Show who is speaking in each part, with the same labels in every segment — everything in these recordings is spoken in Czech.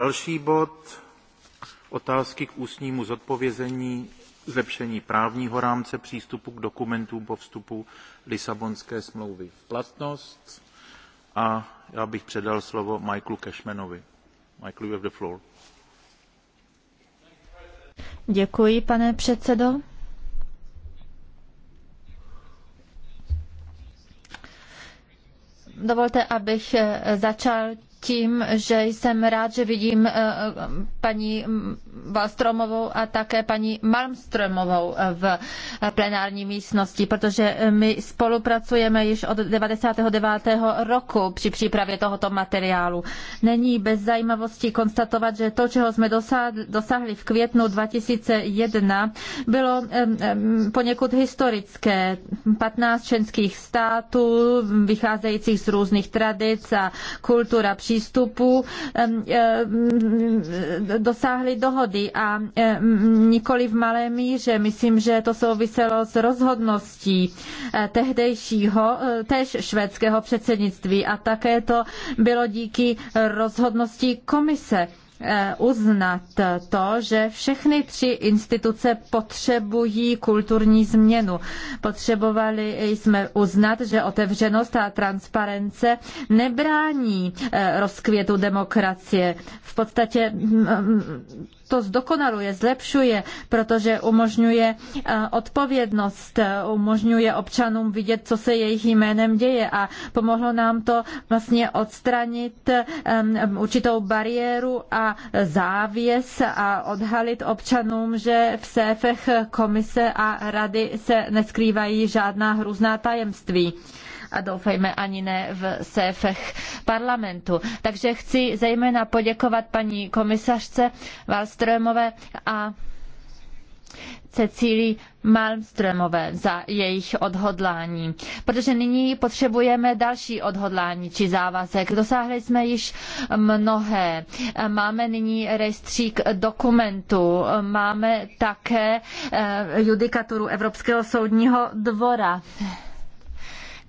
Speaker 1: Další bod, otázky k ústnímu zodpovězení zlepšení právního rámce přístupu k dokumentům po vstupu Lisabonské smlouvy v platnost. A já bych předal slovo Michaelu Cashmanovi. Michael, you have the floor.
Speaker 2: Děkuji, pane předsedo. Dovolte, abych začal tím, že jsem rád, že vidím eh, paní Valstromovou a také paní Malmstromovou eh, v plenární místnosti, protože eh, my spolupracujeme již od 99. roku při přípravě tohoto materiálu. Není bez zajímavosti konstatovat, že to, čeho jsme dosáhli v květnu 2001, bylo poněkud historické. 15 členských států, vycházejících z různých tradic a kultura příležitosti, přístupu dosáhli dohody a nikoli v malé míře. Myslím, že to souviselo s rozhodností eh, tehdejšího, eh, též švédského předsednictví a také to bylo díky rozhodnosti komise. Eh, uznat to, že všechny tři instituce potřebují kulturní změnu. Potřebovali jsme uznat, že otevřenost a transparence nebrání eh, rozkvětu demokracie. V podstatě mm, mm, to zdokonaluje, zlepšuje, protože umožňuje eh, odpovědnost, umožňuje občanům vidět, co se jejich jménem děje a pomohlo nám to vlastně odstranit určitou bariéru a závěs a odhalit občanům, že v séfech komise a rady se neskrývají žádná hrůzná tajemství a doufejme ani ne v séfech parlamentu. Takže chci zejména poděkovat paní komisařce Wallströmové a Cecílii Malmströmové za jejich odhodlání. Protože nyní potřebujeme další odhodlání či závazek. Dosáhli jsme již mnohé. Máme nyní rejstřík dokumentů, máme také eh, judikaturu Evropského soudního dvora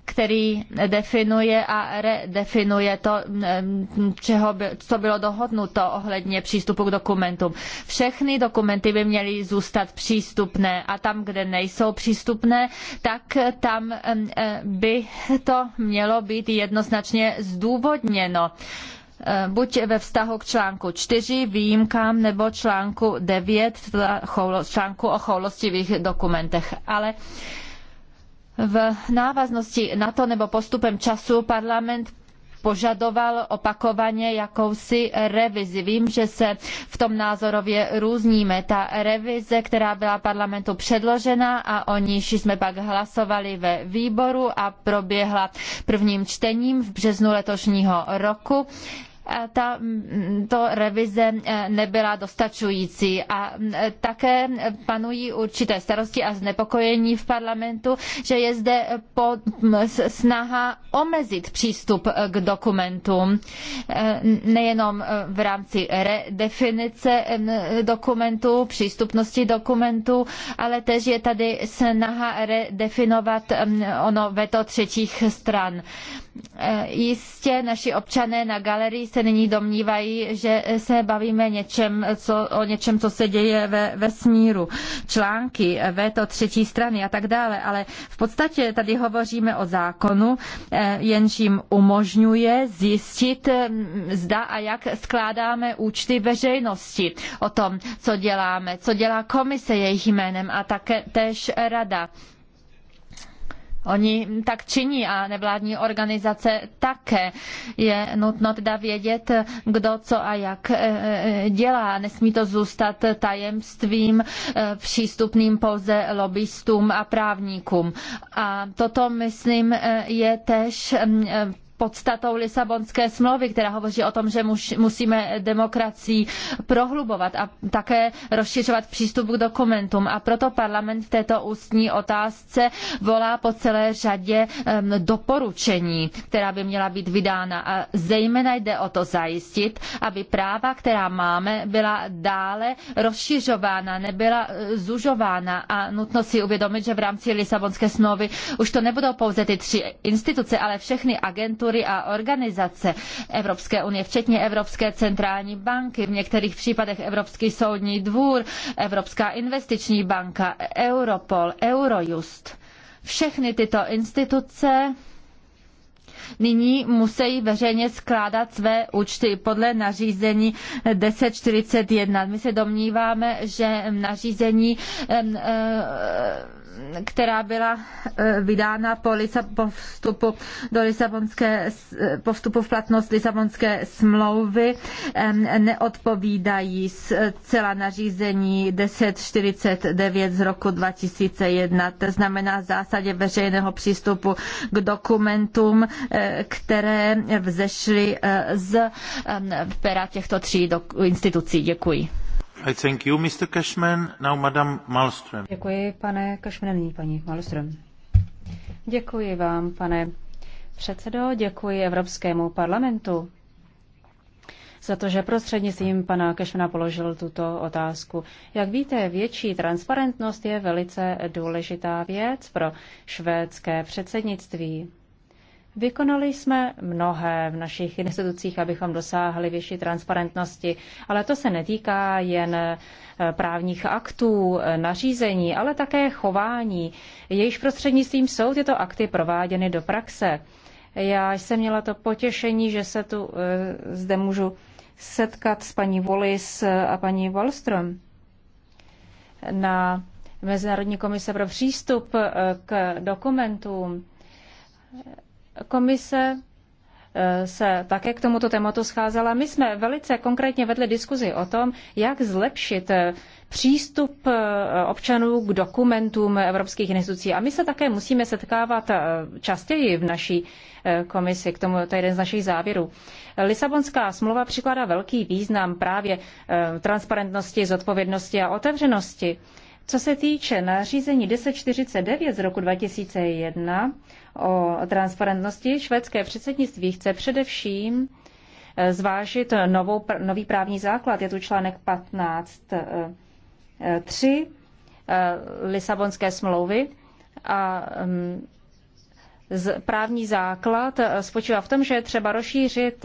Speaker 2: který definuje a redefinuje to, mm, čeho by, co bylo dohodnuto ohledně přístupu k dokumentům. Všechny dokumenty by měly zůstat přístupné a tam, kde nejsou přístupné, tak tam mm, eh, by to mělo být jednoznačně zdůvodněno eh, buď ve vztahu k článku 4 výjimkám nebo článku 9, článku o choulostivých dokumentech. Ale v návaznosti na to nebo postupem času parlament požadoval opakovaně jakousi revizi. Vím, že se v tom názorově různíme. Ta revize, která byla parlamentu předložena a o níž jsme pak hlasovali ve výboru a proběhla prvním čtením v březnu letošního roku, ta to revize eh, nebyla dostačující a eh, také panují určité starosti a znepokojení v parlamentu, že je zde snaha omezit přístup eh, k dokumentům nejenom v rámci redefinice dokumentů, přístupnosti dokumentů, ale tež je tady snaha redefinovat ono veto třetích stran. Eh, jistě naši občané na galerii se nyní domnívají, že se bavíme něčem, co, o něčem, co se děje ve vesmíru, články, eh, veto třetí strany a tak dále, ale v podstatě tady hovoříme o zákonu, eh, jenž jim umožňuje zjistit, mm, zda a jak skládáme účty veřejnosti o tom, co děláme, co dělá komise jejich jménem a také též rada. Oni tak činí a nevládní organizace také. Je nutno teda vědět, kdo co a jak e, e, dělá. Nesmí to zůstat tajemstvím e, přístupným pouze lobbystům a právníkům. A toto, myslím, je tež podstatou Lisabonské smlouvy, která hovoří o tom, že muž, musíme demokracii prohlubovat a také rozšiřovat přístup k dokumentům. A proto parlament v této ústní otázce volá po celé řadě um, doporučení, která by měla být vydána. A zejména jde o to zajistit, aby práva, která máme, byla dále rozšiřována, nebyla e, zužována. A nutno si uvědomit, že v rámci Lisabonské smlouvy už to nebudou pouze ty tři instituce, ale všechny agentury, agentury a organizace Evropské unie, včetně Evropské centrální banky, v některých případech Evropský soudní dvůr, Evropská investiční banka, Europol, Eurojust. Všechny tyto instituce nyní musí veřejně skládat své účty podle nařízení 1041. My se domníváme, že nařízení eh, která byla e, vydána po, Lisab- po vstupu do Lisabonské, e, po vstupu v platnost Lisabonské smlouvy, neodpovídají zcela e, nařízení 1049 z roku 2001. To znamená zásadě veřejného přístupu k dokumentům, které vzešly z pera těchto tří
Speaker 3: institucí. Děkuji. Děkuji, pane Cashman, nyní paní Malström. Děkuji vám, pane předsedo, děkuji Evropskému parlamentu za to, že prostřednictvím pana Kešmena položil tuto otázku. Jak víte, větší transparentnost je velice důležitá věc pro švédské předsednictví. Vykonali jsme mnohé v našich institucích, abychom dosáhli větší transparentnosti, ale to se netýká jen eh, právních aktů, eh, nařízení, ale také chování. Jejíž prostřednictvím jsou tyto akty prováděny do praxe. Já jsem měla to potěšení, že se tu eh, zde můžu setkat s paní Wallis a paní Wallström na Mezinárodní komise pro přístup k dokumentům. Komise eh, se také k tomuto tématu scházela. My jsme velice konkrétně vedli diskuzi o tom, jak zlepšit eh, přístup eh, občanů k dokumentům evropských institucí. A my se také musíme setkávat častěji v naší komisi, k tomu to je jeden z našich závěrů. Lisabonská smlouva přikládá velký význam právě transparentnosti, zodpovědnosti a otevřenosti. Co se týče nařízení 1049 z roku 2001 o transparentnosti, švédské předsednictví chce především eh, zvážit novou, nový právní základ. Je tu článek 15.3 eh, Lisabonské smlouvy a mm, právní základ eh, spočívá v tom, že je třeba rozšířit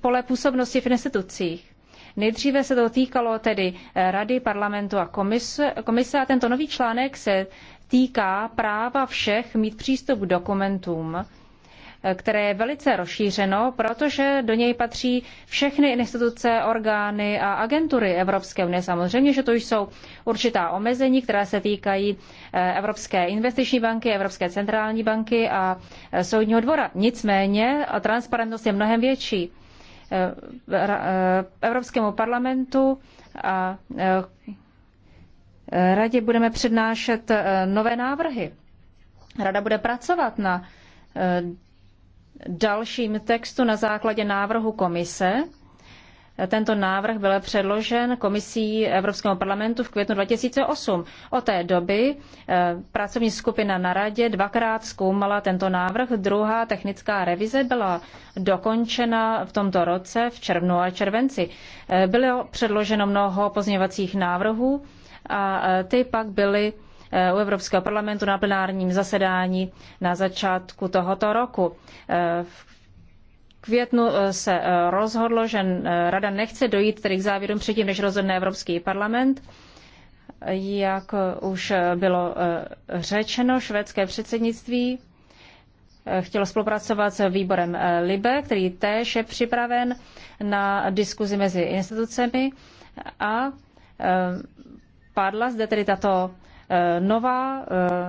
Speaker 3: pole působnosti v institucích. Nejdříve se to týkalo tedy eh, Rady, parlamentu a komise, komise a tento nový článek se týká práva všech mít přístup k dokumentům, eh, které je velice rozšířeno, protože do něj patří všechny instituce, orgány a agentury Evropské unie. Samozřejmě, že to jsou určitá omezení, která se týkají eh, Evropské investiční banky, Evropské centrální banky a Soudního dvora. Nicméně transparentnost je mnohem větší. Eh, eh, Evropskému parlamentu a eh, radě budeme přednášet nové návrhy. Rada bude pracovat na dalším textu na základě návrhu komise tento návrh byl předložen komisí Evropského parlamentu v květnu 2008. Od té doby eh, pracovní skupina na radě dvakrát zkoumala tento návrh. Druhá technická revize byla dokončena v tomto roce v červnu a červenci. Eh, bylo předloženo mnoho pozměňovacích návrhů a eh, ty pak byly u Evropského parlamentu na plenárním zasedání na začátku tohoto roku. V květnu eh, se eh, rozhodlo, že eh, Rada nechce dojít tedy k závěrům předtím, než rozhodne Evropský parlament. Jak už bylo řečeno, švédské předsednictví chtělo spolupracovat s výborem LIBE, který též je připraven na diskuzi mezi institucemi a padla zde tedy tato nová,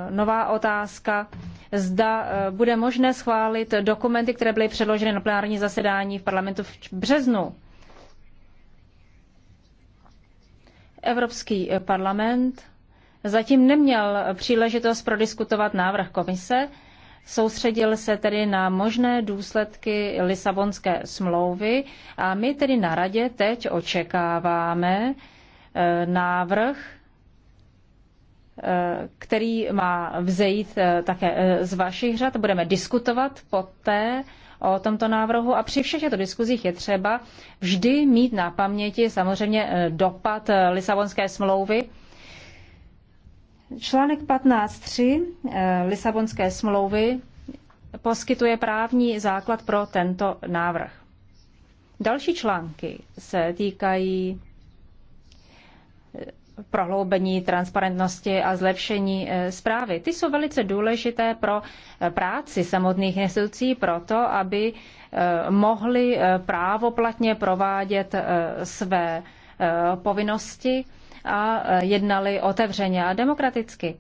Speaker 3: nová otázka zda eh, bude možné schválit dokumenty, které byly předloženy na plenární zasedání v parlamentu v březnu. Evropský eh, parlament zatím neměl příležitost prodiskutovat návrh komise, soustředil se tedy na možné důsledky Lisabonské smlouvy a my tedy na radě teď očekáváme eh, návrh Eh, který má vzejít eh, také eh, z vašich řad. Budeme diskutovat poté o tomto návrhu a při všech těchto diskuzích je třeba vždy mít na paměti samozřejmě dopad Lisabonské smlouvy. Článek 15.3 Lisabonské smlouvy poskytuje právní základ pro tento návrh. Další články se týkají prohloubení transparentnosti a zlepšení e, zprávy. Ty jsou velice důležité pro e, práci samotných institucí, proto aby e, mohli právoplatně provádět své povinnosti a jednali otevřeně a demokraticky.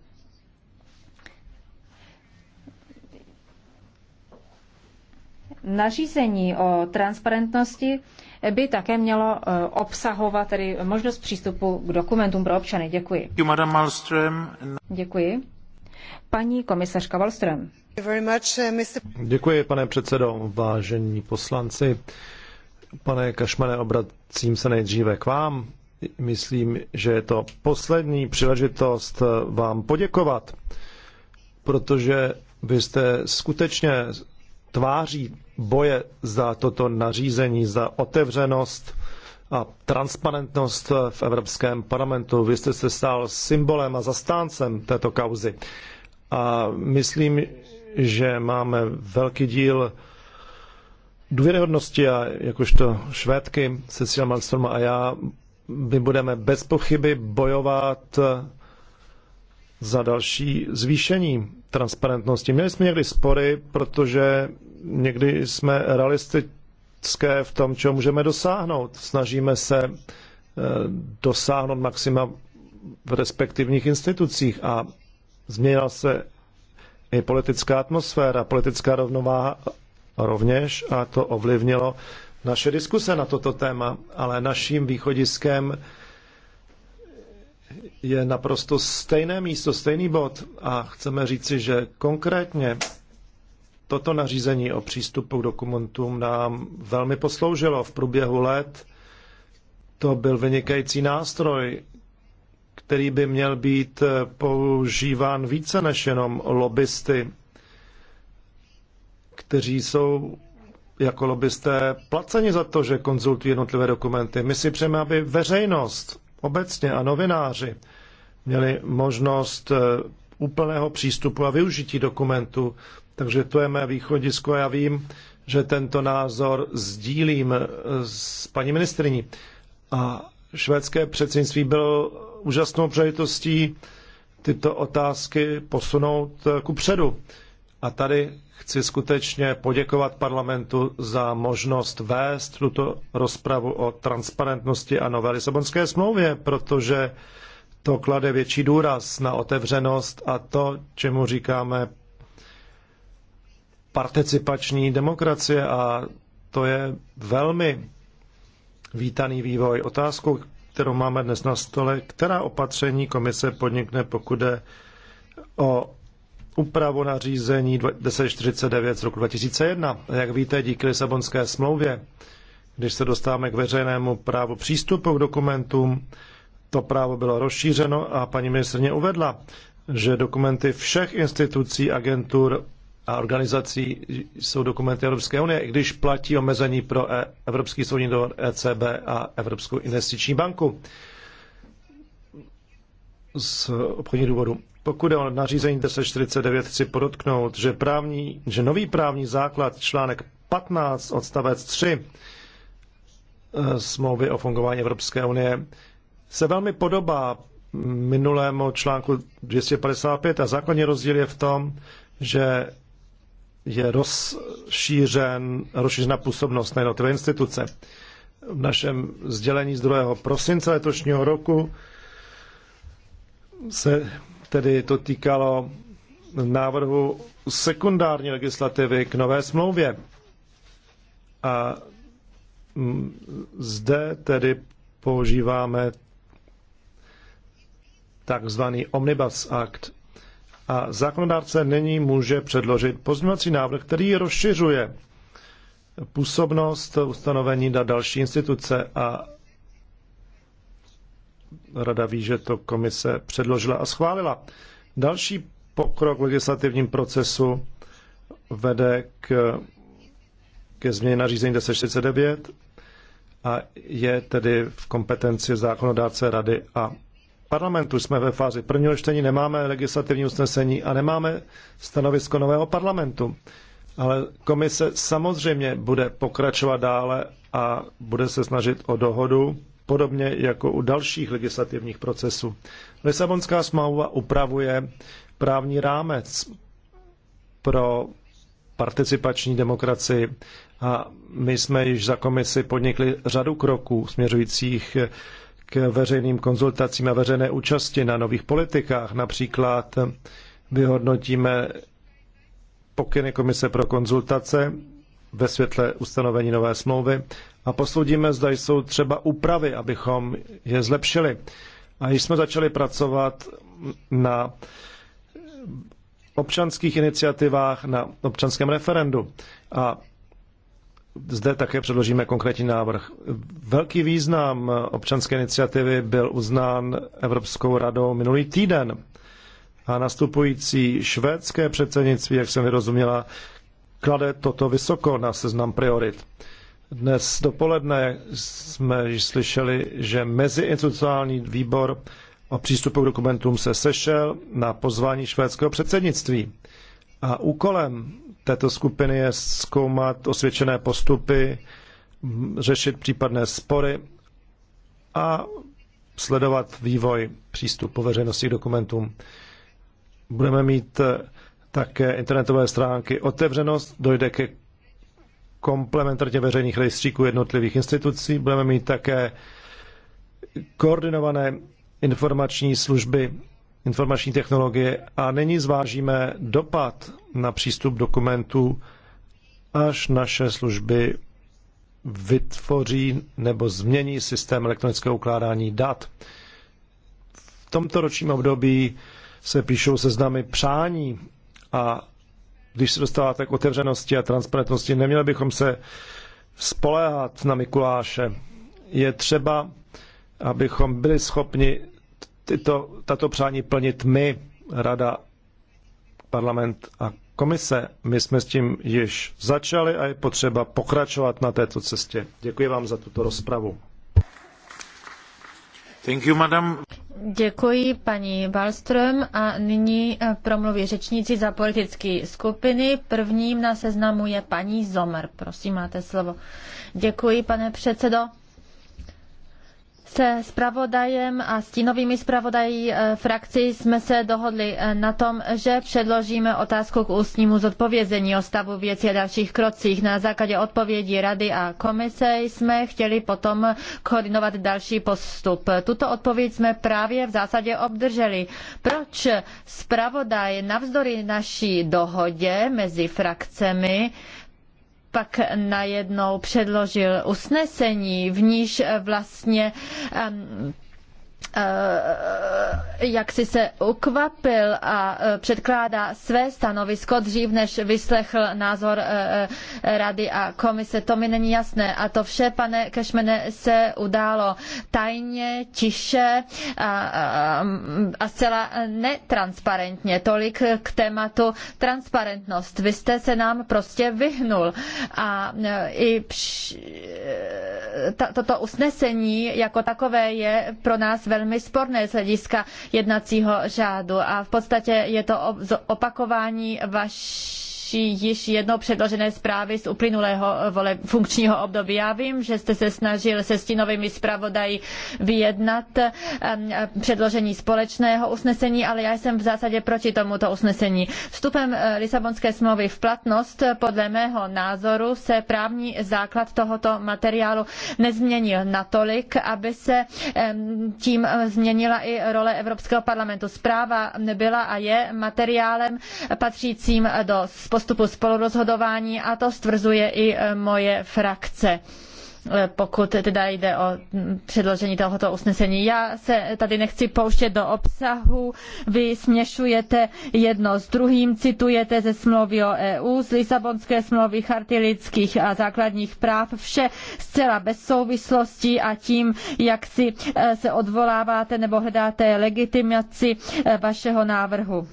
Speaker 3: Nařízení o transparentnosti by také mělo e, obsahovat tedy možnost přístupu k dokumentům pro občany. Děkuji. Děkuji. Paní komisařka Wallström. Eh,
Speaker 1: Děkuji, pane předsedo, vážení poslanci. Pane Kašmane, obracím se nejdříve k vám. Myslím, že je to poslední příležitost eh, vám poděkovat, protože vy jste skutečně tváří boje za toto nařízení, za otevřenost a transparentnost v Evropském parlamentu. Vy jste se stal symbolem a zastáncem této kauzy. A myslím, že máme velký díl důvěryhodnosti a jakožto švédky Cecilia Malmström a já, my budeme bez pochyby bojovat za další zvýšení transparentnosti. Měli jsme někdy spory, protože někdy jsme realistické v tom, čeho můžeme dosáhnout. Snažíme se eh, dosáhnout maxima v respektivních institucích a změnila se i politická atmosféra, politická rovnováha rovněž a to ovlivnilo naše diskuse na toto téma, ale naším východiskem je naprosto stejné místo, stejný bod a chceme říci, že konkrétně toto nařízení o přístupu k dokumentům nám velmi posloužilo v průběhu let. To byl vynikající nástroj, který by měl být používán více než jenom lobbysty, kteří jsou jako lobbysté placeni za to, že konzultují jednotlivé dokumenty. My si přejeme, aby veřejnost obecně a novináři měli možnost eh, úplného přístupu a využití dokumentu. Takže to je mé východisko. Já vím, že tento názor sdílím eh, s paní ministriní. A švédské předsednictví bylo úžasnou příležitostí tyto otázky posunout eh, ku předu. A tady chci skutečně poděkovat parlamentu za možnost vést tuto rozpravu o transparentnosti a nové Lisabonské smlouvě, protože to klade větší důraz na otevřenost a to, čemu říkáme participační demokracie a to je velmi vítaný vývoj. Otázkou, kterou máme dnes na stole, která opatření komise podnikne, pokud jde o úpravu nařízení 1049 z roku 2001. Jak víte, díky Lisabonské smlouvě, když se dostáváme k veřejnému právu přístupu k dokumentům, to právo bylo rozšířeno a paní ministrně uvedla, že dokumenty všech institucí, agentur a organizací jsou dokumenty Evropské unie, i když platí omezení pro e- Evropský soudní dvor ECB a Evropskou investiční banku z obchodních důvodů. Pokud je o nařízení 1049, chci podotknout, že, právní, že nový právní základ článek 15 odstavec 3 eh, smlouvy o fungování Evropské unie se velmi podobá minulému článku 255 a základní rozdíl je v tom, že je rozšířen, rozšířena působnost na jednotlivé instituce. V našem sdělení z 2. prosince letošního roku se tedy to týkalo návrhu sekundární legislativy k nové smlouvě. A mm, zde tedy používáme takzvaný Omnibus Act. A zákonodárce nyní může předložit pozměňovací návrh, který rozšiřuje působnost ustanovení na další instituce a Rada ví, že to komise předložila a schválila. Další pokrok v legislativním procesu vede k, ke změně nařízení 1049 a je tedy v kompetenci zákonodáce Rady a parlamentu. Jsme ve fázi prvního čtení, nemáme legislativní usnesení a nemáme stanovisko nového parlamentu. Ale komise samozřejmě bude pokračovat dále a bude se snažit o dohodu podobně jako u dalších legislativních procesů. Lisabonská smlouva upravuje právní rámec pro participační demokracii a my jsme již za komisi podnikli řadu kroků směřujících k veřejným konzultacím a veřejné účasti na nových politikách. Například vyhodnotíme pokyny komise pro konzultace ve světle ustanovení nové smlouvy a posoudíme, zda jsou třeba úpravy, abychom je zlepšili. A již jsme začali pracovat na občanských iniciativách, na občanském referendu. A zde také předložíme konkrétní návrh. Velký význam občanské iniciativy byl uznán Evropskou radou minulý týden. A nastupující švédské předsednictví, jak jsem vyrozuměla, klade toto vysoko na seznam priorit. Dnes dopoledne jsme již slyšeli, že meziinstitucionální výbor o přístupu k dokumentům se sešel na pozvání švédského předsednictví. A úkolem této skupiny je zkoumat osvědčené postupy, řešit případné spory a sledovat vývoj přístupu veřejnosti k dokumentům. Budeme mít také internetové stránky otevřenost, dojde ke komplementaritě veřejných rejstříků jednotlivých institucí. Budeme mít také koordinované informační služby, informační technologie a nyní zvážíme dopad na přístup dokumentů, až naše služby vytvoří nebo změní systém elektronického ukládání dat. V tomto ročním období se píšou seznamy přání a když se dostáváte k otevřenosti a transparentnosti, neměli bychom se spoléhat na Mikuláše. Je třeba, abychom byli schopni tyto, tato přání plnit my, Rada, Parlament a Komise. My jsme s tím již začali a je potřeba pokračovat na této cestě. Děkuji vám za tuto rozpravu. Thank you, madam.
Speaker 2: Děkuji paní Wallström a nyní eh, promluví řečníci za politické skupiny. Prvním na seznamu je paní Zomer. Prosím, máte slovo. Děkuji, pane předsedo se zpravodajem a stínovými zpravodají eh, frakcí jsme se dohodli eh, na tom, že předložíme otázku k ústnímu zodpovězení o stavu věcí a dalších krocích. Na základě odpovědi Rady a Komise jsme chtěli potom koordinovat další postup. Tuto odpověď jsme právě v zásadě obdrželi. Proč zpravodaj navzdory naší dohodě mezi frakcemi pak najednou předložil usnesení, v níž vlastně um, Eh, jak si se ukvapil a eh, předkládá své stanovisko dřív, než vyslechl názor eh, rady a komise. To mi není jasné. A to vše, pane Kešmene, se událo tajně, tiše a, a, zcela netransparentně. Tolik k tématu transparentnost. Vy jste se nám prostě vyhnul. A i toto usnesení jako takové je pro nás velmi sporné z hlediska jednacího řádu a v podstatě je to opakování vaš další již jednou předložené zprávy z uplynulého vole, funkčního období. Já vím, že jste se snažil se stínovými zpravodaji vyjednat předložení společného usnesení, ale já jsem v zásadě proti tomuto usnesení. Vstupem eh, Lisabonské smlouvy v platnost podle mého názoru se právní základ tohoto materiálu nezměnil natolik, aby se tím eh, změnila i role Evropského parlamentu. Zpráva byla a je materiálem patřícím do společnosti postupu spolurozhodování a to stvrzuje i e, moje frakce e, pokud teda jde o předložení tohoto usnesení. Já se tady nechci pouštět do obsahu, vy směšujete jedno s druhým, citujete ze smlouvy o EU, z Lisabonské smlouvy, charty lidských a základních práv, vše zcela bez souvislostí a tím, jak si e, se odvoláváte nebo hledáte legitimaci vašeho návrhu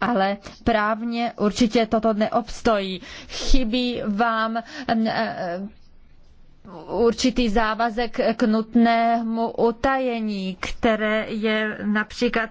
Speaker 2: ale právně určitě toto neobstojí. Chybí vám mm, eh, eh, určitý závazek k nutnému utajení, které je například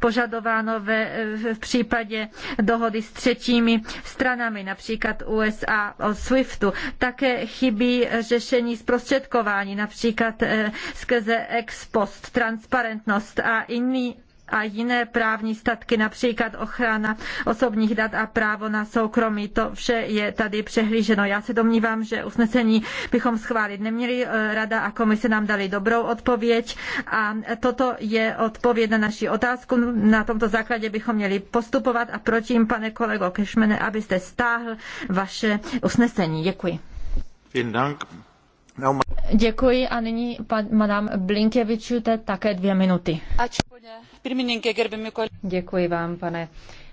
Speaker 2: požadováno ve, v případě dohody s třetími stranami, například USA o SWIFTu. Také chybí řešení zprostředkování, například eh, skrze ex post, transparentnost a jiný, a jiné právní statky, například ochrana osobních dat a právo na soukromí. To vše je tady přehlíženo. Já se domnívám, že usnesení bychom schválit neměli. Eh, Rada a komise nám dali dobrou odpověď a toto je odpověď na naši otázku. Na tomto základě bychom měli postupovat a proti pane kolego Kešmene, abyste stáhl vaše usnesení. Děkuji. Děkuji a nyní pan, madame
Speaker 3: Blinkevičute také dvě
Speaker 2: minuty. Ačkoliv
Speaker 3: Děkuji vám, pane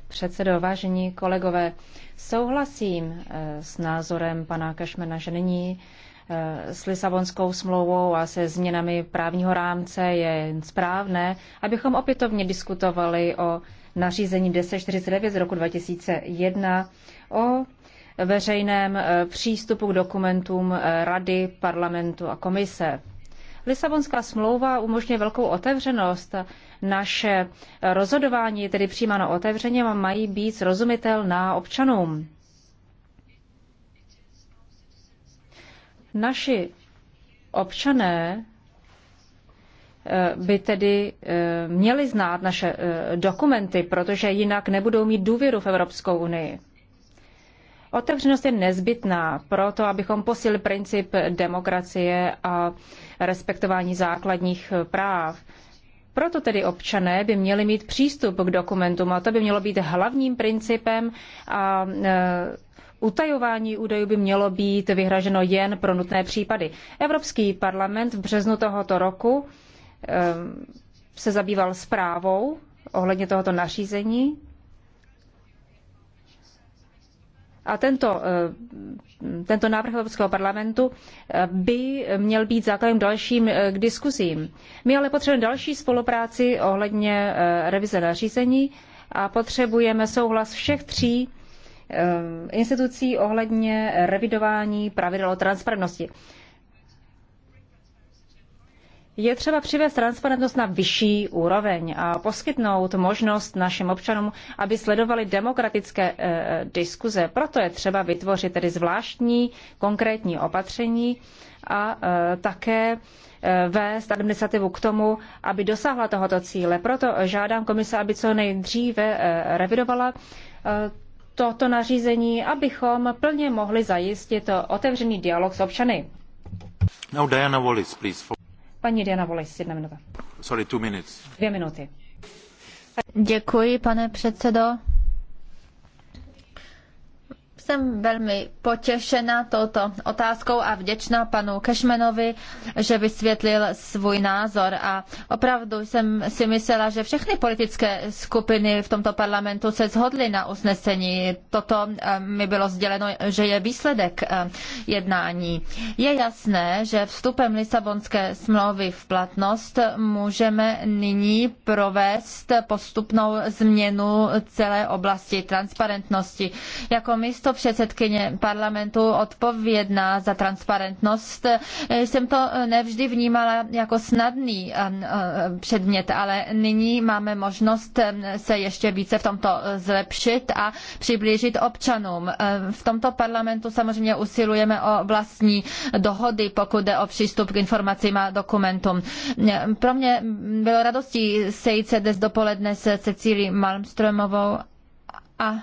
Speaker 3: předsedo, vážení kolegové. Souhlasím eh, s názorem pana Kašmena, že nyní eh, s Lisabonskou smlouvou a se změnami právního rámce je správné, abychom opětovně diskutovali o nařízení 1049 z roku 2001 o veřejném eh, přístupu k dokumentům Rady, parlamentu a komise. Lisabonská smlouva umožňuje velkou otevřenost. Naše rozhodování, tedy přijímáno otevřeně, mají být srozumitelná občanům. Naši občané eh, by tedy eh, měli znát naše eh, dokumenty, protože jinak nebudou mít důvěru v Evropskou unii. Otevřenost je nezbytná pro to, abychom posílili princip demokracie a respektování základních práv. Proto tedy občané by měli mít přístup k dokumentům a to by mělo být hlavním principem a e, Utajování údajů by mělo být vyhraženo jen pro nutné případy. Evropský parlament v březnu tohoto roku e, se zabýval zprávou ohledně tohoto nařízení A tento, eh, tento návrh Evropského parlamentu eh, by měl být základem dalším eh, k diskuzím. My ale potřebujeme další spolupráci ohledně revize nařízení a potřebujeme souhlas všech tří institucí ohledně revidování pravidel o transparentnosti. Je třeba přivést transparentnost na vyšší úroveň a poskytnout možnost našim občanům, aby sledovali demokratické e, diskuze. Proto je třeba vytvořit tedy zvláštní konkrétní opatření a e, také eh, vést administrativu k tomu, aby dosáhla tohoto cíle. Proto žádám komise, aby co nejdříve revidovala toto nařízení, abychom plně mohli zajistit otevřený dialog s občany. Now Diana Wallace, please. Paní Diana jedna minuta. Sorry, two minutes. Dvě minuty. Děkuji, pane
Speaker 2: předsedo. Jsem velmi potěšena touto otázkou a vděčná panu Kešmenovi, že vysvětlil svůj názor. A opravdu jsem si myslela, že všechny politické skupiny v tomto parlamentu se shodly na usnesení. Toto eh, mi bylo sděleno, že je výsledek eh, jednání. Je jasné, že vstupem Lisabonské smlouvy v platnost můžeme nyní provést postupnou změnu celé oblasti transparentnosti. Jako místo předsedkyně parlamentu odpovědná za transparentnost jsem to nevždy vnímala jako snadný eh, eh, předmět, ale nyní máme možnost eh, se ještě více v tomto zlepšit a přiblížit občanům. V tomto parlamentu samozřejmě usilujeme o vlastní dohody, pokud jde o přístup k informacím a dokumentům. Pro mě bylo radostí sejít se dnes dopoledne se Cecílí Malmströmovou a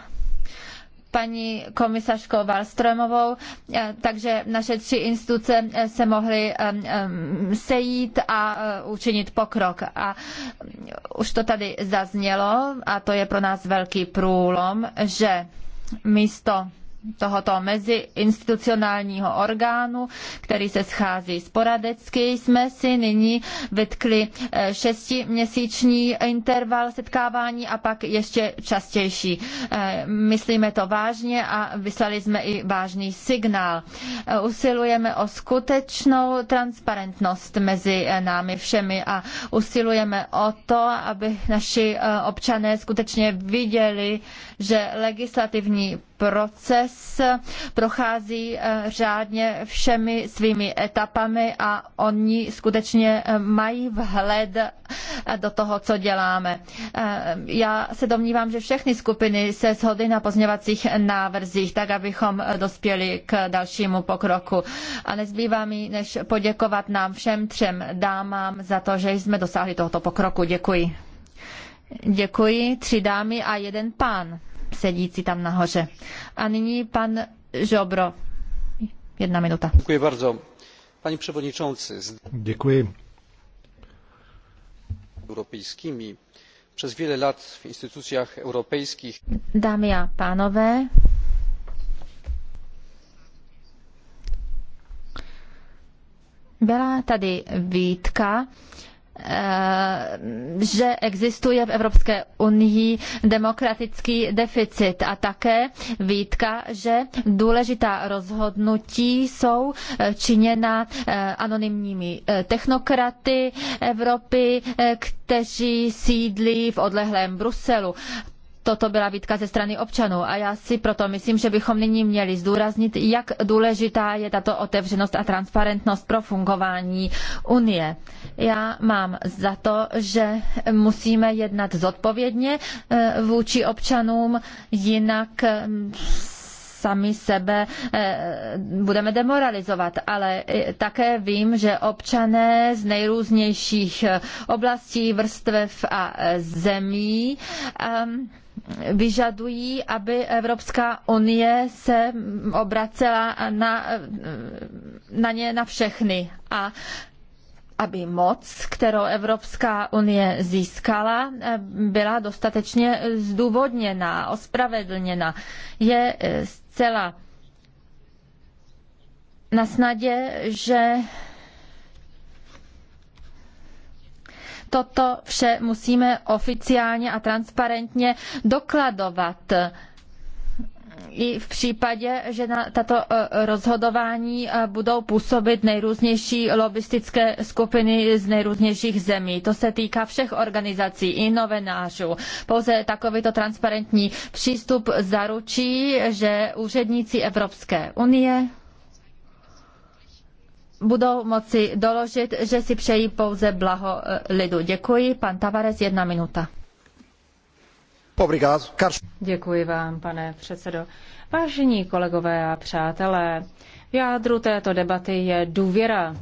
Speaker 2: paní komisařkou Wallströmovou, eh, takže naše tři instituce eh, se mohly eh, sejít a učinit pokrok. A už to tady zaznělo, a to je pro nás velký průlom, že místo tohoto meziinstitucionálního orgánu, který se schází sporadecky, jsme si nyní vytkli eh, šestiměsíční interval setkávání a pak ještě častější. Eh, myslíme to vážně a vyslali jsme i vážný signál. Eh, usilujeme o skutečnou transparentnost mezi námi všemi a usilujeme o to, aby naši občané skutečně viděli, že legislativní proces prochází eh, řádně všemi svými etapami a oni skutečně eh, mají vhled eh, do toho, co děláme. Já se domnívám, že všechny skupiny se shodly na pozměvacích návrzích, tak abychom dospěli k dalšímu pokroku. A nezbývá mi, než poděkovat nám všem třem dámám za to, že jsme dosáhli tohoto pokroku. Děkuji. Děkuji, tři dámy a jeden pán sedící tam nahoře. A nyní pan
Speaker 1: Žobro. Jedna minuta. Děkuji bardzo. Pani przewodniczący. Děkuji. Europejskimi przez wiele lat w instytucjach
Speaker 2: europejskich. Dámy a pánové, byla tady výtka, Eh, že existuje v Evropské unii demokratický deficit a také výtka, že důležitá rozhodnutí jsou eh, činěna eh, anonymními technokraty Evropy, kteří sídlí v odlehlém Bruselu. Toto byla výtka ze strany občanů a já si proto myslím, že bychom nyní měli zdůraznit, jak důležitá je tato otevřenost a transparentnost pro fungování Unie. Já mám za to, že musíme jednat zodpovědně eh, vůči občanům, jinak hm, sami sebe eh, budeme demoralizovat, ale eh, také vím, že občané z nejrůznějších oblastí, vrstev a zemí um vyžadují, aby Evropská unie se obracela na, na ně na všechny a aby moc, kterou Evropská unie získala, byla dostatečně zdůvodněna, ospravedlněna. Je zcela na snadě, že Toto vše musíme oficiálně a transparentně dokladovat i v případě, že na tato e, rozhodování e, budou působit nejrůznější lobistické skupiny z nejrůznějších zemí. To se týká všech organizací i novinářů. Pouze takovýto transparentní přístup zaručí, že úředníci Evropské unie budou moci doložit, že si přejí pouze
Speaker 3: blaho eh, lidu. Děkuji. Pan Tavares, jedna minuta. Děkuji vám, pane předsedo. Vážení kolegové a přátelé, v jádru této debaty je důvěra.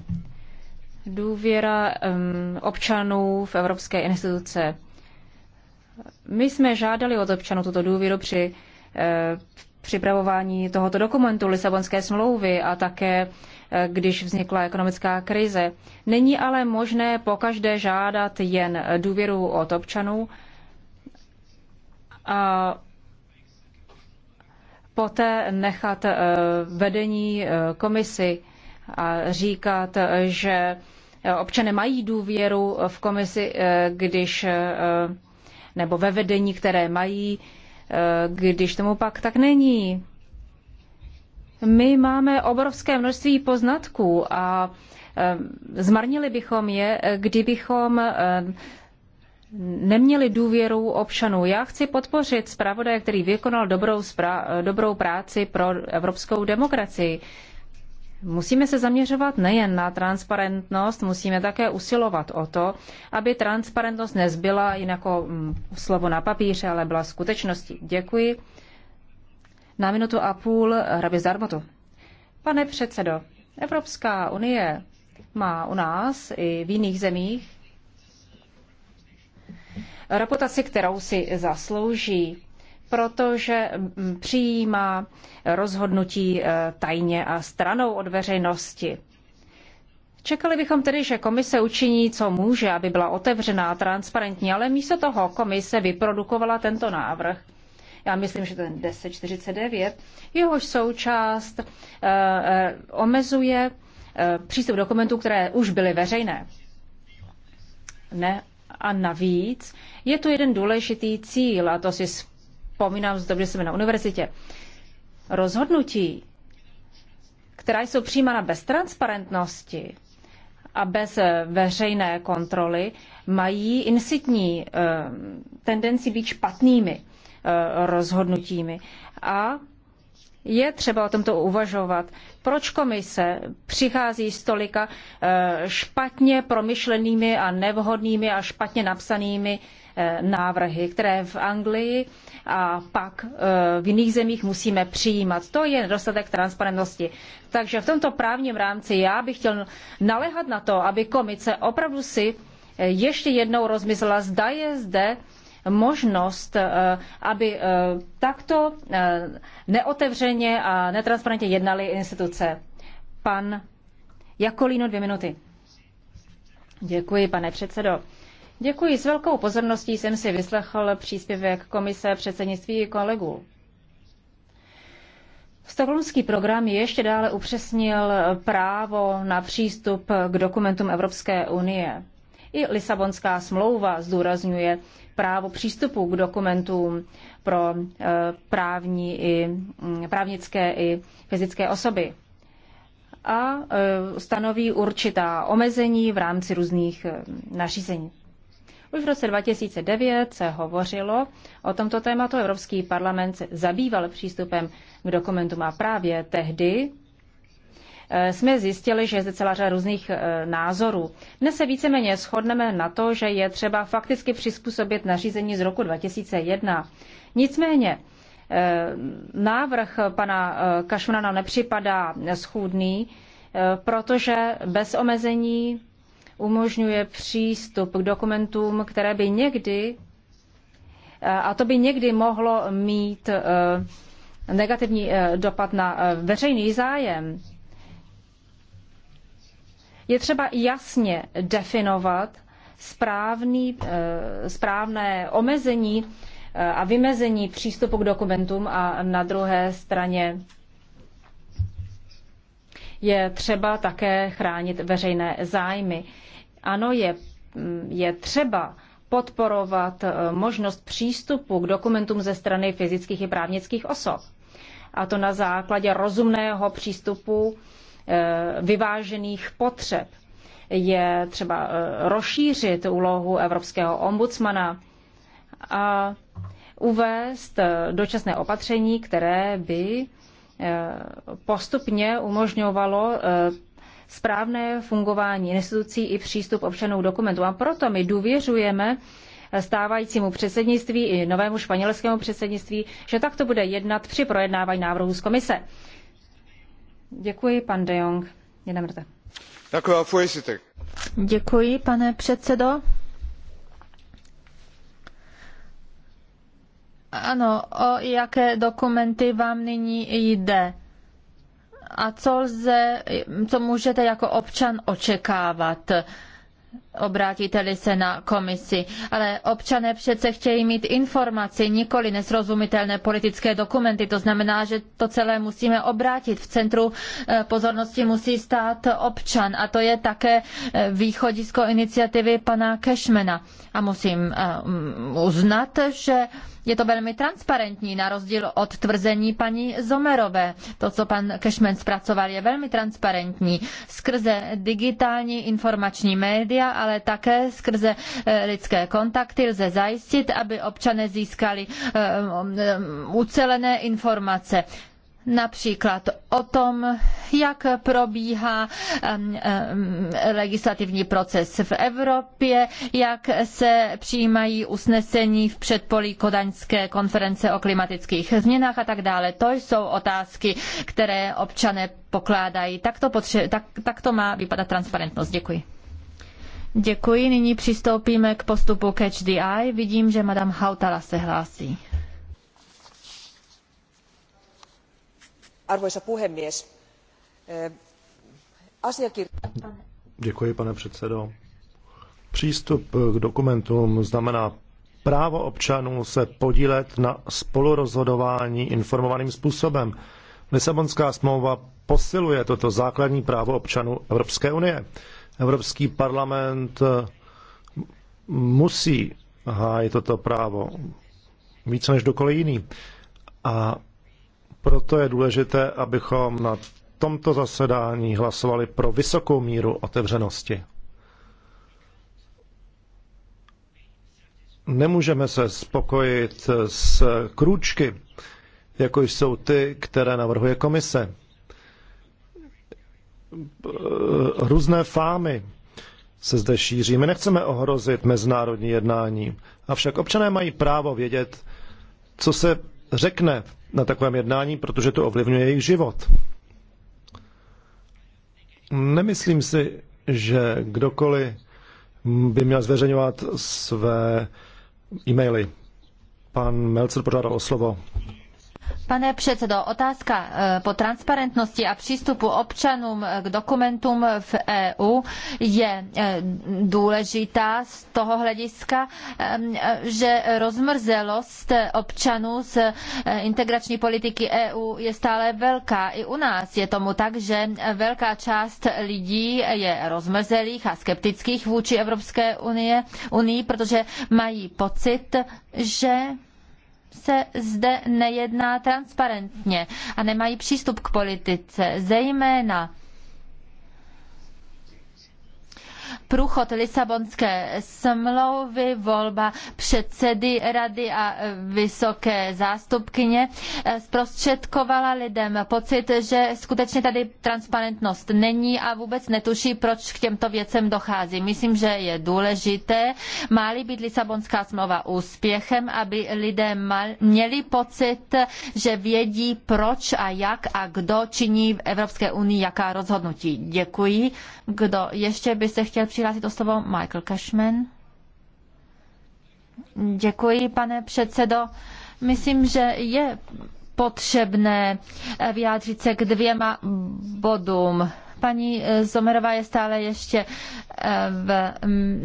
Speaker 3: Důvěra um, občanů v evropské instituce. My jsme žádali od občanů tuto důvěru při eh, připravování tohoto dokumentu Lisabonské smlouvy a také když vznikla ekonomická krize. Není ale možné pokaždé žádat jen důvěru od občanů a poté nechat eh, vedení eh, komisi a říkat, eh, že občané mají důvěru v komisi, když nebo ve vedení, které mají, když tomu pak tak není. My máme obrovské množství poznatků a eh, zmarnili bychom je, eh, kdybychom eh, neměli důvěru občanů. Já chci podpořit zpravodaje, který vykonal dobrou, dobrou práci pro evropskou demokracii. Musíme se zaměřovat nejen na transparentnost, musíme také usilovat o to, aby transparentnost nezbyla jen jako mm, slovo na papíře, ale byla skutečností. Děkuji na minutu a půl eh, hrabě Zarbotu. Pane předsedo, Evropská unie má u nás i v jiných zemích reputaci, kterou si zaslouží, protože mm, přijímá rozhodnutí eh, tajně a stranou od veřejnosti. Čekali bychom tedy, že komise učiní, co může, aby byla otevřená transparentní, ale místo toho komise vyprodukovala tento návrh, já myslím, že ten 1049, jehož součást eh, eh, omezuje eh, přístup dokumentů, které už byly veřejné. Ne, a navíc je tu jeden důležitý cíl, a to si vzpomínám z doby, jsme na univerzitě. Rozhodnutí, která jsou přijímána bez transparentnosti a bez veřejné kontroly, mají insitní eh, tendenci být špatnými. Eh, rozhodnutími. A je třeba o tomto uvažovat. Proč komise přichází s tolika eh, špatně promyšlenými a nevhodnými a špatně napsanými eh, návrhy, které v Anglii a pak v jiných zemích musíme přijímat. To je nedostatek transparentnosti. Takže v tomto právním rámci já bych chtěl naléhat na to, aby komise opravdu si ještě jednou rozmyslela, zda je zde možnost, eh, aby eh, takto eh, neotevřeně a netransparentně jednaly instituce. Pan Jakolíno, dvě minuty. Děkuji, pane předsedo. Děkuji. S velkou pozorností jsem si vyslechl příspěvek komise předsednictví kolegů. Stokholmský program ještě dále upřesnil právo na přístup k dokumentům Evropské unie. I Lisabonská smlouva zdůrazňuje právo přístupu k dokumentům pro eh, právní i, mm, právnické i fyzické osoby a eh, stanoví určitá omezení v rámci různých eh, nařízení. Už v roce 2009 se hovořilo o tomto tématu. Evropský parlament se zabýval přístupem k dokumentům a právě tehdy Eh, jsme zjistili, že je zde celá řada různých eh, názorů. Dnes se víceméně shodneme na to, že je třeba fakticky přizpůsobit nařízení z roku 2001. Nicméně, eh, návrh pana Kašmana nám nepřipadá schůdný, protože bez omezení umožňuje přístup k dokumentům, které by někdy, a to by někdy mohlo mít negativní dopad na veřejný zájem. Je třeba jasně definovat správný, eh, správné omezení eh, a vymezení přístupu k dokumentům a na druhé straně je třeba také chránit veřejné zájmy. Ano, je, mm, je třeba podporovat eh, možnost přístupu k dokumentům ze strany fyzických i právnických osob. A to na základě rozumného přístupu Eh, vyvážených potřeb. Je třeba eh, rozšířit úlohu evropského ombudsmana a uvést eh, dočasné opatření, které by postupně umožňovalo správné fungování institucí i přístup občanů dokumentů. A proto my důvěřujeme stávajícímu předsednictví i novému španělskému předsednictví, že takto bude jednat při projednávání návrhu z komise. Děkuji, pan De Jedna minuta. Děkuji, pane předsedo.
Speaker 2: Ano, o jaké dokumenty vám nyní jde? A co lze, co můžete jako občan očekávat? obrátíte-li se na komisi. Ale občané přece chtějí mít informaci, nikoli nesrozumitelné politické dokumenty. To znamená, že to celé musíme obrátit. V centru eh, pozornosti musí stát občan a to je také eh, východisko iniciativy pana Cashmana. A musím eh, mm, uznat, že je to velmi transparentní, na rozdíl od tvrzení paní Zomerové. To, co pan Cashman zpracoval, je velmi transparentní. Skrze digitální informační média, ale ale také skrze eh, lidské kontakty lze zajistit, aby občané získali eh, um, ucelené informace například o tom, jak probíhá um, um, legislativní proces v Evropě, jak se přijímají usnesení v předpolí Kodaňské konference o klimatických změnách a tak dále. To jsou otázky, které občané pokládají. Tak to, potře- tak, tak to má vypadat transparentnost. Děkuji. Děkuji. Nyní přistoupíme k postupu Catch the Eye. Vidím, že madam Hautala se hlásí.
Speaker 3: Arvoisa puhemies. Eh,
Speaker 1: Děkuji, pane předsedo. Přístup k dokumentům znamená právo občanů se podílet na spolurozhodování informovaným způsobem. Lisabonská smlouva posiluje toto základní právo občanů Evropské unie. Evropský parlament eh, musí hájit toto právo více než dokoliv jiný. A proto je důležité, abychom na tomto zasedání hlasovali pro vysokou míru otevřenosti. Nemůžeme se spokojit s krůčky, jako jsou ty, které navrhuje komise. Eh, různé fámy se zde šíří. My nechceme ohrozit mezinárodní jednání, avšak občané mají právo vědět, co se řekne na takovém jednání, protože to ovlivňuje jejich život. Nemyslím si, že kdokoliv by měl zveřejňovat své e-maily. Pan Melcer požádal o slovo.
Speaker 2: Pane předsedo, otázka eh, po transparentnosti a přístupu občanům eh, k dokumentům v EU je eh, důležitá z toho hlediska, že rozmrzelost občanů z integrační politiky EU je stále velká. I u nás je tomu tak, že velká část lidí je rozmrzelých a skeptických vůči Evropské unie, unii, protože mají pocit, že se zde nejedná transparentně a nemají přístup k politice, zejména průchod Lisabonské smlouvy, volba předsedy rady a vysoké zástupkyně eh, zprostředkovala lidem pocit, že skutečně tady transparentnost není a vůbec netuší, proč k těmto věcem dochází. Myslím, že je důležité, má-li být Lisabonská smlouva úspěchem, aby lidé měli pocit, že vědí, proč a jak a kdo činí v Evropské unii jaká rozhodnutí. Děkuji. Kdo ještě by se chtěl přihlásit o slovo Michael Cashman. Děkuji, pane předsedo. Myslím, že je potřebné eh, vyjádřit se k dvěma bodům paní eh, Zomerová je stále ještě v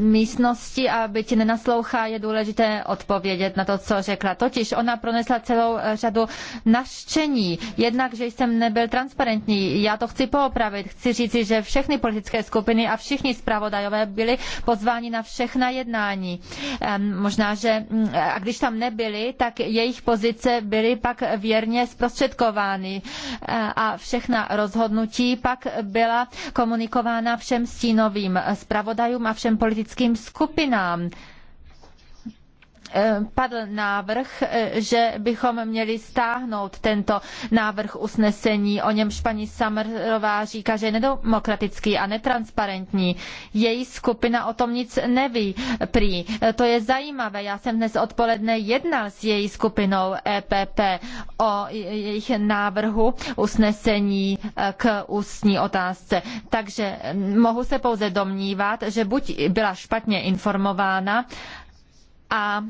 Speaker 2: místnosti a byť nenaslouchá, je důležité odpovědět na to, co řekla. Totiž ona pronesla celou řadu naštění. Jednak, že jsem nebyl transparentní. Já to chci poopravit. Chci říci, že všechny politické skupiny a všichni zpravodajové byli pozváni na všechna jednání. Možná, že mm, a když tam nebyli, tak jejich pozice byly pak věrně zprostředkovány e, a všechna rozhodnutí pak byla komunikována všem stínovým zpravodajům a všem politickým skupinám Eh, padl návrh, eh, že bychom měli stáhnout tento návrh usnesení, o němž paní Samarová říká, že je nedemokratický a netransparentní. Její skupina o tom nic neví prý. Eh, to je zajímavé. Já jsem dnes odpoledne jednal s její skupinou EPP o jejich návrhu usnesení k ústní otázce. Takže hm, mohu se pouze domnívat, že buď byla špatně informována, a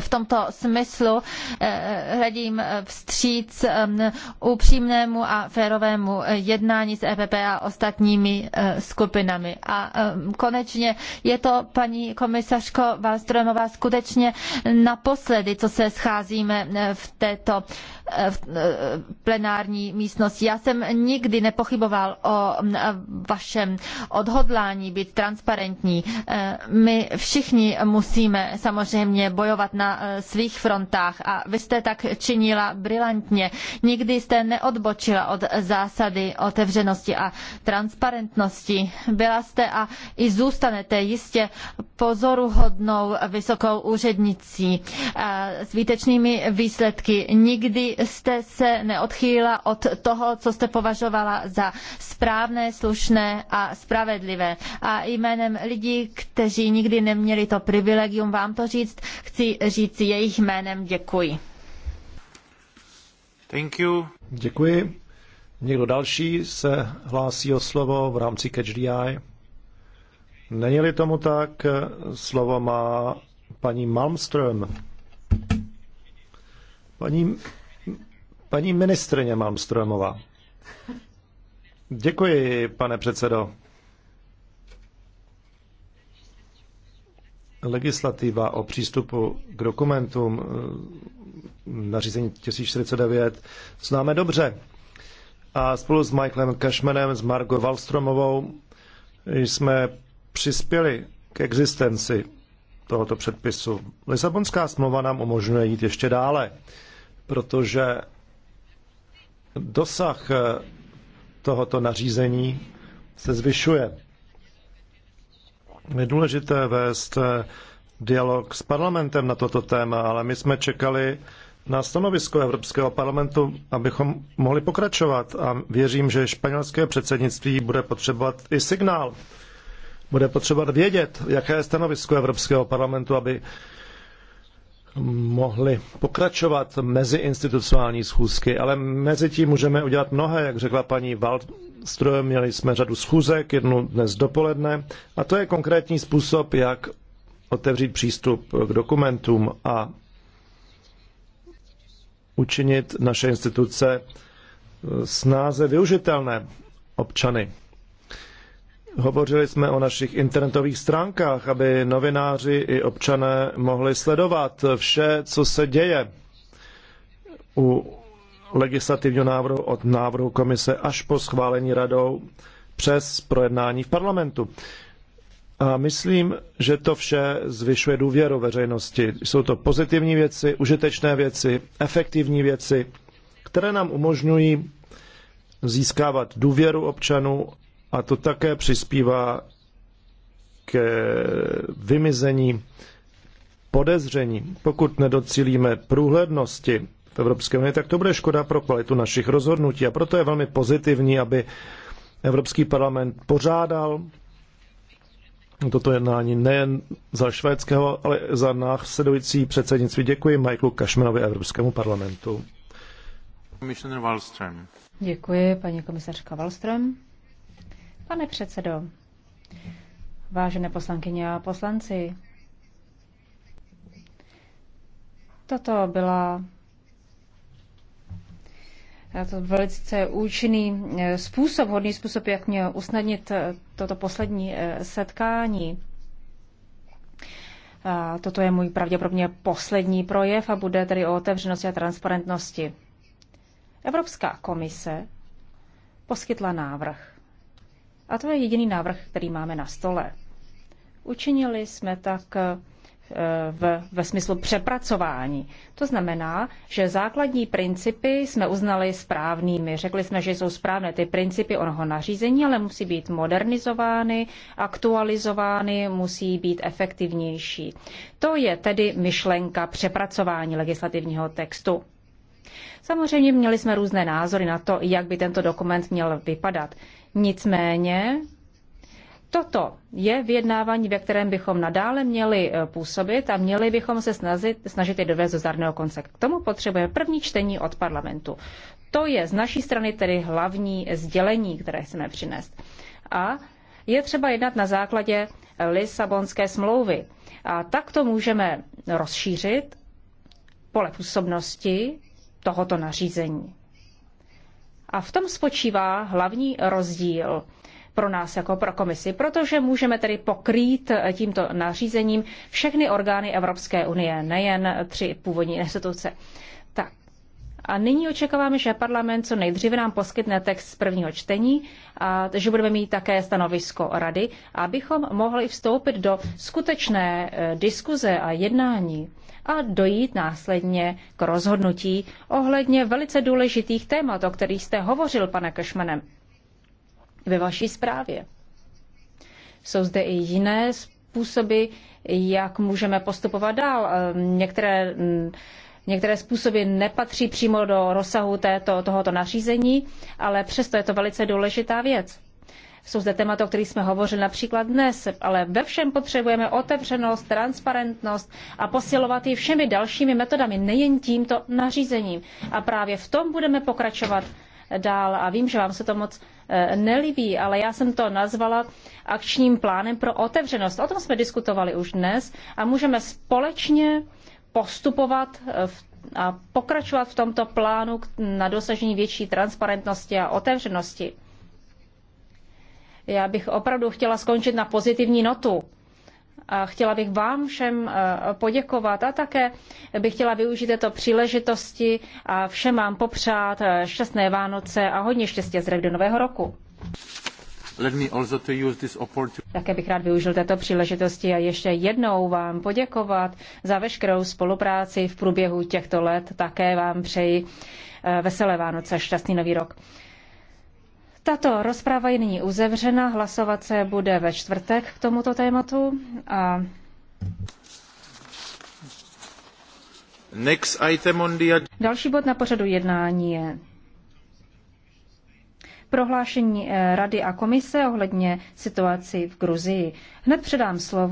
Speaker 2: v tomto smyslu eh, hledím vstříc ehm, upřímnému a férovému jednání s EPP a ostatními eh, skupinami. A ehm, konečně je to, paní komisařko Valstromová, skutečně naposledy, co se scházíme eh, v této Eh, v eh, plenární místnosti. Já jsem nikdy nepochyboval o eh, vašem odhodlání být transparentní. My všichni musíme samozřejmě bojovat na svých frontách a vy jste tak činila brilantně. Nikdy jste neodbočila od zásady otevřenosti a transparentnosti. Byla jste a i zůstanete jistě pozoruhodnou vysokou úřednicí s výtečnými výsledky. Nikdy jste se neodchýlila od toho, co jste považovala za správné, slušné a spravedlivé. A jménem lidí, kteří nikdy neměli to privilegium vám to říct, chci říci jejich jménem děkuji.
Speaker 1: Thank you. Děkuji. Někdo další se hlásí o slovo v rámci Catch the Není-li tomu tak, slovo má paní Malmström. Paní Paní ministrně Malmstromová. Děkuji, pane předsedo. Legislativa o přístupu k dokumentům eh, nařízení 1049 známe dobře. A spolu s Michaelem Cashmanem, s Margot Wallstromovou jsme přispěli k existenci tohoto předpisu. Lisabonská smlouva nám umožňuje jít ještě dále, protože Dosah eh, tohoto nařízení se zvyšuje. Je důležité vést eh, dialog s parlamentem na toto téma, ale my jsme čekali na stanovisko Evropského parlamentu, abychom mohli pokračovat. A věřím, že španělské předsednictví bude potřebovat i signál. Bude potřebovat vědět, jaké je stanovisko Evropského parlamentu, aby mohli pokračovat mezi institucionální schůzky, ale mezi tím můžeme udělat mnohé, jak řekla paní Waldström, měli jsme řadu schůzek, jednu dnes dopoledne, a to je konkrétní způsob, jak otevřít přístup k dokumentům a učinit naše instituce snáze využitelné občany. Hovořili jsme o našich internetových stránkách, aby novináři i občané mohli sledovat vše, co se děje u legislativního návrhu od návrhu komise až po schválení radou přes projednání v parlamentu. A myslím, že to vše zvyšuje důvěru veřejnosti. Jsou to pozitivní věci, užitečné věci, efektivní věci, které nám umožňují získávat důvěru občanů a to také přispívá k vymizení podezření. Pokud nedocílíme průhlednosti v Evropské unii, tak to bude škoda pro kvalitu našich rozhodnutí. A proto je velmi pozitivní, aby Evropský parlament pořádal toto jednání nejen za švédského, ale za následující předsednictví. Děkuji Michaelu Kašmenovi Evropskému parlamentu.
Speaker 3: Děkuji, paní komisařka Wallström. Pane předsedo, vážené poslankyně a poslanci, toto byla eh, to velice účinný eh, způsob, hodný způsob, jak mě usnadnit eh, toto poslední setkání. A toto je můj pravděpodobně poslední projev a bude tedy o otevřenosti a transparentnosti. Evropská komise poskytla návrh a to je jediný návrh, který máme na stole. Učinili jsme tak eh, v, ve smyslu přepracování. To znamená, že základní principy jsme uznali správnými. Řekli jsme, že jsou správné ty principy onoho nařízení, ale musí být modernizovány, aktualizovány, musí být efektivnější. To je tedy myšlenka přepracování legislativního textu. Samozřejmě měli jsme různé názory na to, jak by tento dokument měl vypadat. Nicméně toto je vyjednávání, ve kterém bychom nadále měli eh, působit a měli bychom se snažit, snažit je dovést do zdárného konce. K tomu potřebujeme první čtení od parlamentu. To je z naší strany tedy hlavní sdělení, které chceme přinést. A je třeba jednat na základě Lisabonské smlouvy. A tak to můžeme rozšířit pole působnosti tohoto nařízení. A v tom spočívá hlavní rozdíl pro nás jako pro komisi, protože můžeme tedy pokrýt tímto nařízením všechny orgány Evropské unie, nejen tři původní instituce. Tak. A nyní očekáváme, že parlament co nejdříve nám poskytne text z prvního čtení a že budeme mít také stanovisko rady, abychom mohli vstoupit do skutečné eh, diskuze a jednání a dojít následně k rozhodnutí ohledně velice důležitých témat, o kterých jste hovořil, pane Kešmanem, ve vaší zprávě. Jsou zde i jiné způsoby, jak můžeme postupovat dál. Ehm, některé, mm, některé způsoby nepatří přímo do rozsahu této, tohoto nařízení, ale přesto je to velice důležitá věc. Jsou zde témata, o kterých jsme hovořili například dnes, ale ve všem potřebujeme otevřenost, transparentnost a posilovat ji všemi dalšími metodami, nejen tímto nařízením. A právě v tom budeme pokračovat dál. A vím, že vám se to moc eh, nelíbí, ale já jsem to nazvala akčním plánem pro otevřenost. O tom jsme diskutovali už dnes a můžeme společně postupovat eh, v a pokračovat v tomto plánu na dosažení větší transparentnosti a otevřenosti. Já bych opravdu chtěla skončit na pozitivní notu. A chtěla bych vám všem eh, poděkovat a také bych chtěla využít této příležitosti a všem vám popřát eh, šťastné Vánoce a hodně štěstí z do nového roku.
Speaker 2: Let me also to use this
Speaker 3: Také bych rád využil této příležitosti a ještě jednou vám poděkovat za veškerou spolupráci v průběhu těchto let. Také vám přeji eh, veselé Vánoce, šťastný nový rok. Tato rozprava je nyní uzavřena, hlasovat se bude ve čtvrtek k tomuto tématu. A...
Speaker 1: Next item on the...
Speaker 3: Další bod na pořadu jednání je prohlášení eh, Rady a komise ohledně situaci v Gruzii. Hned předám slovo